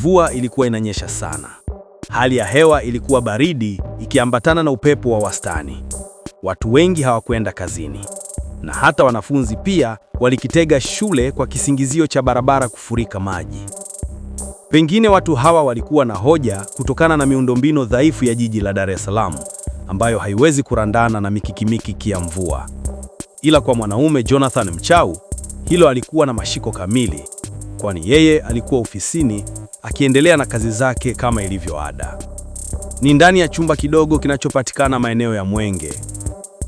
Mvua ilikuwa inanyesha sana. Hali ya hewa ilikuwa baridi ikiambatana na upepo wa wastani. Watu wengi hawakwenda kazini na hata wanafunzi pia walikitega shule kwa kisingizio cha barabara kufurika maji. Pengine watu hawa walikuwa na hoja kutokana na miundombinu dhaifu ya jiji la Dar es Salaam ambayo haiwezi kurandana na mikikimiki ya mvua. Ila kwa mwanaume Jonathan Mchau, hilo alikuwa na mashiko kamili kwani yeye alikuwa ofisini akiendelea na kazi zake kama ilivyo ada. Ni ndani ya chumba kidogo kinachopatikana maeneo ya Mwenge.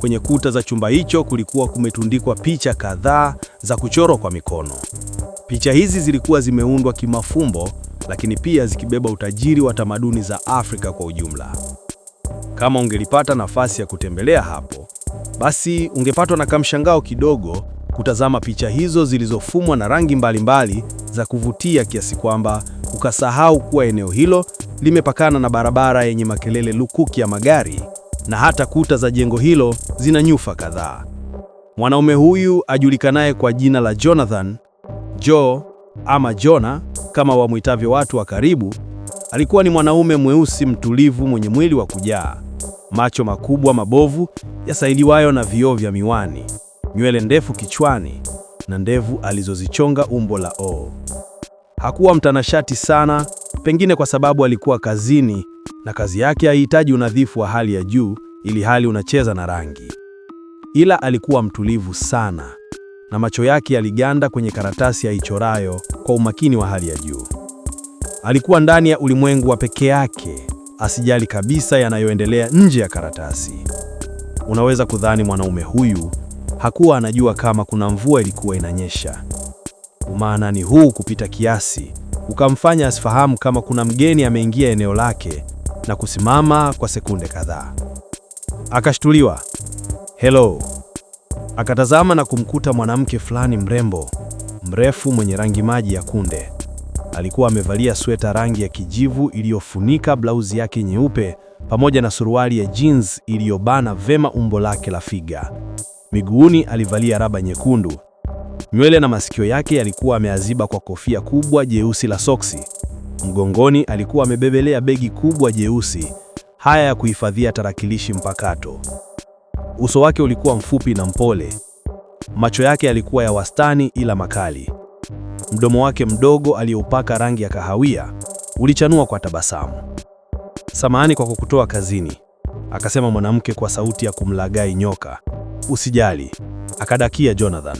Kwenye kuta za chumba hicho kulikuwa kumetundikwa picha kadhaa za kuchorwa kwa mikono. Picha hizi zilikuwa zimeundwa kimafumbo, lakini pia zikibeba utajiri wa tamaduni za Afrika kwa ujumla. Kama ungelipata nafasi ya kutembelea hapo, basi ungepatwa na kamshangao kidogo kutazama picha hizo zilizofumwa na rangi mbalimbali mbali za kuvutia kiasi kwamba ukasahau kuwa eneo hilo limepakana na barabara yenye makelele lukuki ya magari na hata kuta za jengo hilo zina nyufa kadhaa. Mwanaume huyu ajulikanaye kwa jina la Jonathan Joe ama Jona kama wamwitavyo watu wa karibu, alikuwa ni mwanaume mweusi mtulivu mwenye mwili wa kujaa, macho makubwa mabovu yasailiwayo na vioo vya miwani nywele ndefu kichwani na ndevu alizozichonga umbo la O. Hakuwa mtanashati sana, pengine kwa sababu alikuwa kazini na kazi yake haihitaji unadhifu wa hali ya juu ili hali unacheza na rangi. Ila alikuwa mtulivu sana na macho yake yaliganda kwenye karatasi aichorayo kwa umakini wa hali ya juu. Alikuwa ndani ya ulimwengu wa pekee yake, asijali kabisa yanayoendelea nje ya karatasi. Unaweza kudhani mwanaume huyu Hakuwa anajua kama kuna mvua ilikuwa inanyesha. Umaanani huu kupita kiasi ukamfanya asifahamu kama kuna mgeni ameingia eneo lake, na kusimama kwa sekunde kadhaa. Akashtuliwa, hello. Akatazama na kumkuta mwanamke fulani mrembo mrefu mwenye rangi maji ya kunde. Alikuwa amevalia sweta rangi ya kijivu iliyofunika blauzi yake nyeupe pamoja na suruali ya jeans iliyobana vema umbo lake la figa. Miguuni alivalia raba nyekundu. Nywele na masikio yake yalikuwa ameaziba kwa kofia kubwa jeusi la soksi. Mgongoni alikuwa amebebelea begi kubwa jeusi, haya ya kuhifadhia tarakilishi mpakato. Uso wake ulikuwa mfupi na mpole. Macho yake yalikuwa ya wastani ila makali. Mdomo wake mdogo aliyoupaka rangi ya kahawia ulichanua kwa tabasamu. Samahani kwa kukutoa kazini, akasema mwanamke kwa sauti ya kumlagai nyoka. Usijali, akadakia Jonathan.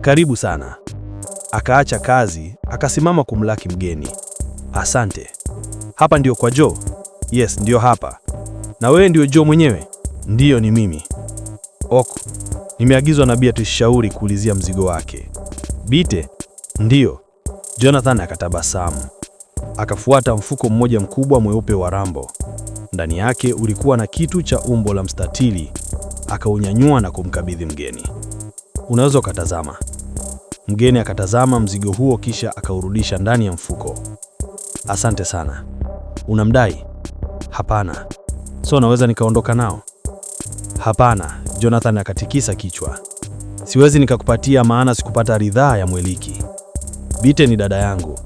Karibu sana. Akaacha kazi, akasimama kumlaki mgeni. Asante. Hapa ndio kwa Joe? Yes, ndiyo hapa. Na wewe ndio Joe mwenyewe? Ndiyo, ni mimi. Ok, nimeagizwa na Bia tushauri kuulizia mzigo wake. Bite? Ndiyo. Jonathan akatabasamu. Akafuata mfuko mmoja mkubwa mweupe wa rambo. Ndani yake ulikuwa na kitu cha umbo la mstatili akaunyanyua na kumkabidhi mgeni. Unaweza ukatazama. Mgeni akatazama mzigo huo kisha akaurudisha ndani ya mfuko. Asante sana. Unamdai? Hapana. So naweza nikaondoka nao? Hapana. Jonathan akatikisa kichwa. Siwezi nikakupatia maana sikupata ridhaa ya Mweliki. Bite ni dada yangu.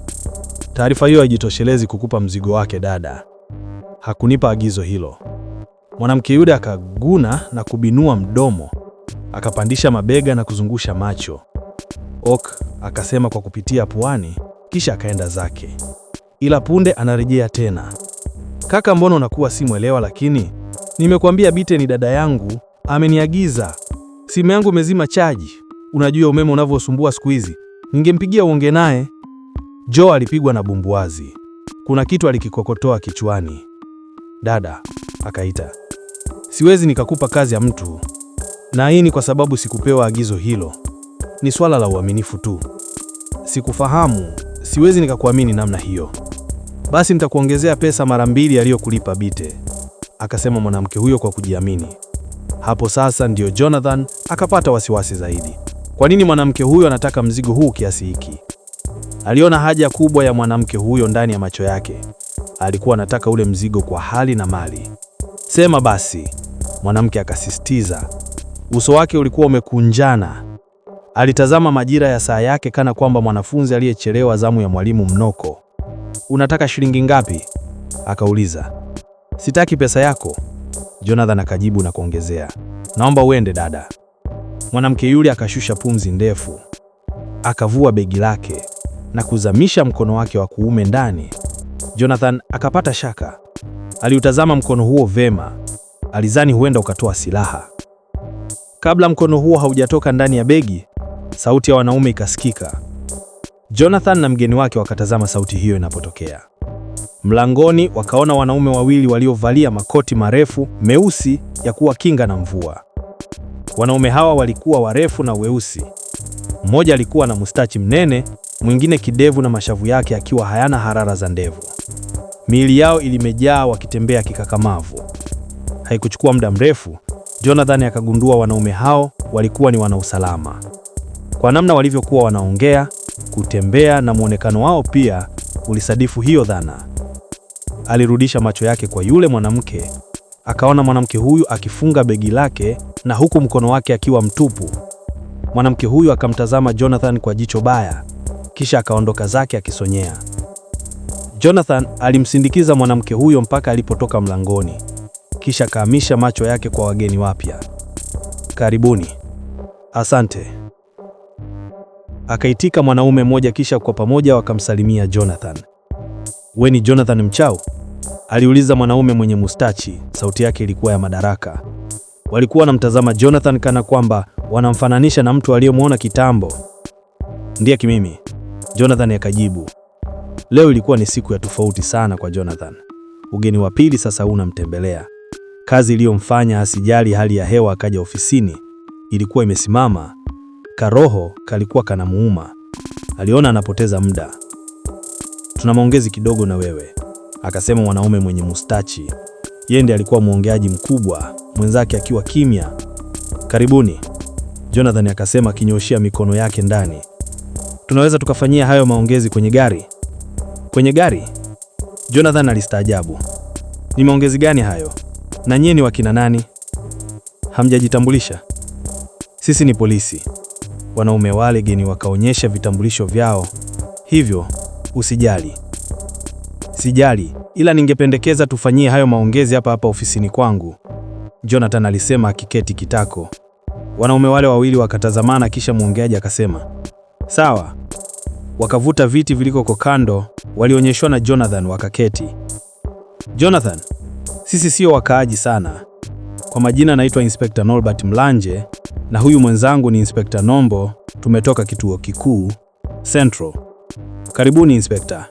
Taarifa hiyo haijitoshelezi kukupa mzigo wake dada. Hakunipa agizo hilo. Mwanamke yule akaguna na kubinua mdomo, akapandisha mabega na kuzungusha macho. Ok akasema kwa kupitia puani, kisha akaenda zake. Ila punde anarejea tena. Kaka, mbona unakuwa si mwelewa? Lakini nimekuambia Bite ni dada yangu, ameniagiza. Simu yangu imezima chaji, unajua umeme unavyosumbua siku hizi. Ningempigia uonge naye. jo alipigwa na bumbuazi, kuna kitu alikikokotoa kichwani. Dada akaita. Siwezi nikakupa kazi ya mtu, na hii ni kwa sababu sikupewa agizo hilo. Ni swala la uaminifu tu. Sikufahamu, siwezi nikakuamini namna hiyo. Basi nitakuongezea pesa mara mbili aliyokulipa Bite, akasema mwanamke huyo kwa kujiamini. Hapo sasa ndiyo Jonathan akapata wasiwasi zaidi. Kwa nini mwanamke huyo anataka mzigo huu kiasi hiki? Aliona haja kubwa ya mwanamke huyo ndani ya macho yake. Alikuwa anataka ule mzigo kwa hali na mali. Sema basi, mwanamke akasisitiza. Uso wake ulikuwa umekunjana. Alitazama majira ya saa yake kana kwamba mwanafunzi aliyechelewa zamu ya mwalimu mnoko. Unataka shilingi ngapi? akauliza. Sitaki pesa yako, Jonathan akajibu na kuongezea, naomba uende dada. Mwanamke yule akashusha pumzi ndefu, akavua begi lake na kuzamisha mkono wake wa kuume ndani. Jonathan akapata shaka, aliutazama mkono huo vema, Alizani huenda ukatoa silaha. Kabla mkono huo haujatoka ndani ya begi, sauti ya wanaume ikasikika. Jonathan na mgeni wake wakatazama sauti hiyo inapotokea. Mlangoni wakaona wanaume wawili waliovalia makoti marefu meusi ya kuwakinga na mvua. Wanaume hawa walikuwa warefu na weusi. Mmoja alikuwa na mustachi mnene, mwingine kidevu na mashavu yake akiwa hayana harara za ndevu. Miili yao ilimejaa wakitembea kikakamavu. Haikuchukua muda mrefu, Jonathan akagundua wanaume hao walikuwa ni wanausalama. Kwa namna walivyokuwa wanaongea, kutembea na mwonekano wao pia ulisadifu hiyo dhana. Alirudisha macho yake kwa yule mwanamke, akaona mwanamke huyu akifunga begi lake na huku mkono wake akiwa mtupu. Mwanamke huyu akamtazama Jonathan kwa jicho baya, kisha akaondoka zake akisonyea. Jonathan alimsindikiza mwanamke huyo mpaka alipotoka mlangoni kisha kaamisha macho yake kwa wageni wapya. Karibuni, asante, akaitika mwanaume mmoja, kisha kwa pamoja wakamsalimia Jonathan. We ni Jonathan mchao aliuliza mwanaume mwenye mustachi, sauti yake ilikuwa ya madaraka. Walikuwa wanamtazama Jonathan kana kwamba wanamfananisha na mtu aliyemwona kitambo. Ndiye kimimi, Jonathan akajibu. Leo ilikuwa ni siku ya tofauti sana kwa Jonathan. Ugeni wa pili sasa unamtembelea. Kazi iliyomfanya asijali hali ya hewa akaja ofisini ilikuwa imesimama, karoho kalikuwa kanamuuma. Aliona anapoteza muda. Tuna maongezi kidogo na wewe, akasema mwanaume mwenye mustachi. Yeye ndiye alikuwa mwongeaji mkubwa, mwenzake akiwa kimya. Karibuni, Jonathan akasema akinyoshia mikono yake ndani. Tunaweza tukafanyia hayo maongezi kwenye gari? Kwenye gari? Jonathan alistaajabu. Ni maongezi gani hayo? Na nyie ni wakina nani? Hamjajitambulisha. Sisi ni polisi. Wanaume wale geni wakaonyesha vitambulisho vyao, hivyo usijali. Sijali, ila ningependekeza tufanyie hayo maongezi hapa hapa ofisini kwangu, Jonathan alisema akiketi kitako. Wanaume wale wawili wakatazamana, kisha mwongeaji akasema sawa. Wakavuta viti vilikoko kando walionyeshwa na Jonathan, wakaketi. Jonathan sisi sio wakaaji sana. Kwa majina naitwa Inspekta Norbert Mlanje na huyu mwenzangu ni Inspekta Nombo. Tumetoka kituo kikuu Central. Karibuni Inspekta.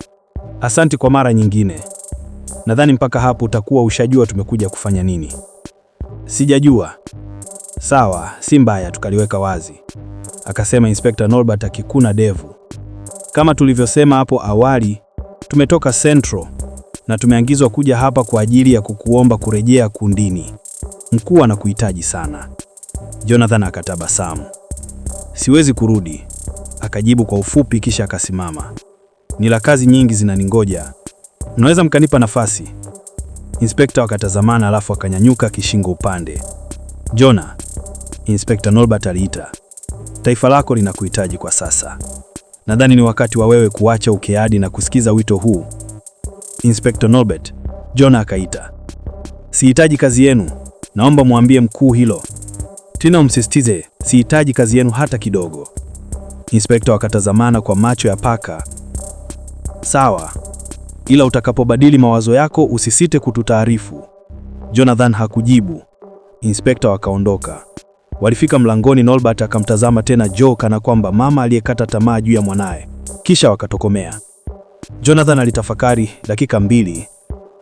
Asanti kwa mara nyingine. Nadhani mpaka hapo utakuwa ushajua tumekuja kufanya nini. Sijajua. Sawa, si mbaya, tukaliweka wazi, akasema Inspekta Norbert akikuna devu. Kama tulivyosema hapo awali, tumetoka Central na tumeangizwa kuja hapa kwa ajili ya kukuomba kurejea kundini. Mkuu anakuhitaji sana. Jonathan akatabasamu. Siwezi kurudi, akajibu kwa ufupi, kisha akasimama. Nila kazi nyingi zinaningoja, mnaweza mkanipa nafasi? Inspekta wakatazamana, alafu akanyanyuka kishingo upande. Jona, Inspekta Norbert aliita, taifa lako linakuhitaji kwa sasa. Nadhani ni wakati wa wewe kuacha ukeadi na kusikiza wito huu Inspector Norbert, John akaita. Sihitaji kazi yenu, naomba mwambie mkuu hilo. Tena umsisitize, sihitaji kazi yenu hata kidogo. Inspekta wakatazamana kwa macho ya paka. Sawa, ila utakapobadili mawazo yako usisite kututaarifu. Jonathan hakujibu. Inspekta wakaondoka. Walifika mlangoni, Norbert akamtazama tena Joe kana kwamba mama aliyekata tamaa juu ya mwanaye, kisha wakatokomea. Jonathan alitafakari dakika mbili,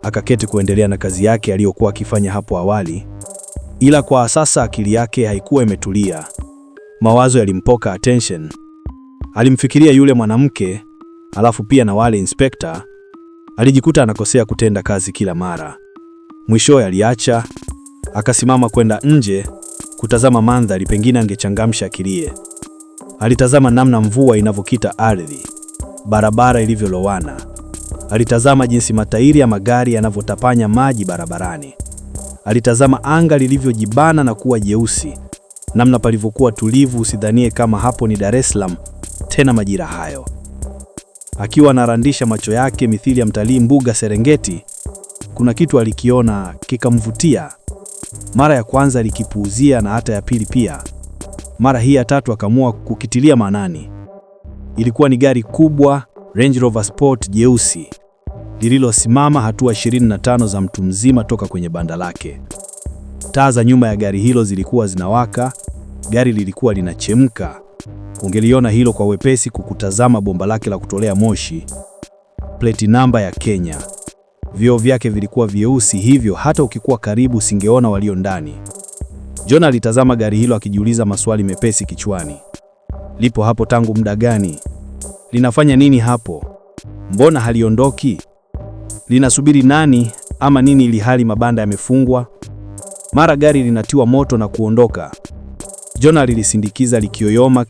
akaketi kuendelea na kazi yake aliyokuwa akifanya hapo awali, ila kwa sasa akili yake haikuwa imetulia. Mawazo yalimpoka attention. Alimfikiria yule mwanamke, alafu pia na wale inspekta. Alijikuta anakosea kutenda kazi kila mara. Mwishowe aliacha, akasimama kwenda nje kutazama mandhari, pengine angechangamsha akilie. Alitazama namna mvua inavyokita ardhi barabara ilivyolowana. Alitazama jinsi matairi ya magari yanavyotapanya maji barabarani. Alitazama anga lilivyojibana na kuwa jeusi, namna palivyokuwa tulivu, usidhanie kama hapo ni Dar es Salaam tena majira hayo. Akiwa anarandisha macho yake mithili ya mtalii mbuga Serengeti, kuna kitu alikiona kikamvutia. Mara ya kwanza alikipuuzia na hata ya pili pia. Mara hii ya tatu akaamua kukitilia maanani. Ilikuwa ni gari kubwa, Range Rover Sport jeusi lililosimama hatua 25 za mtu mzima toka kwenye banda lake. Taa za nyuma ya gari hilo zilikuwa zinawaka, gari lilikuwa linachemka. Ungeliona hilo kwa wepesi kukutazama bomba lake la kutolea moshi. Pleti namba ya Kenya. Vioo vyake vilikuwa vyeusi, hivyo hata ukikuwa karibu usingeona walio ndani. John alitazama gari hilo akijiuliza maswali mepesi kichwani lipo hapo tangu muda gani? Linafanya nini hapo? Mbona haliondoki? Linasubiri nani ama nini, ili hali mabanda yamefungwa? Mara gari linatiwa moto na kuondoka. Jona lilisindikiza likiyoyoma.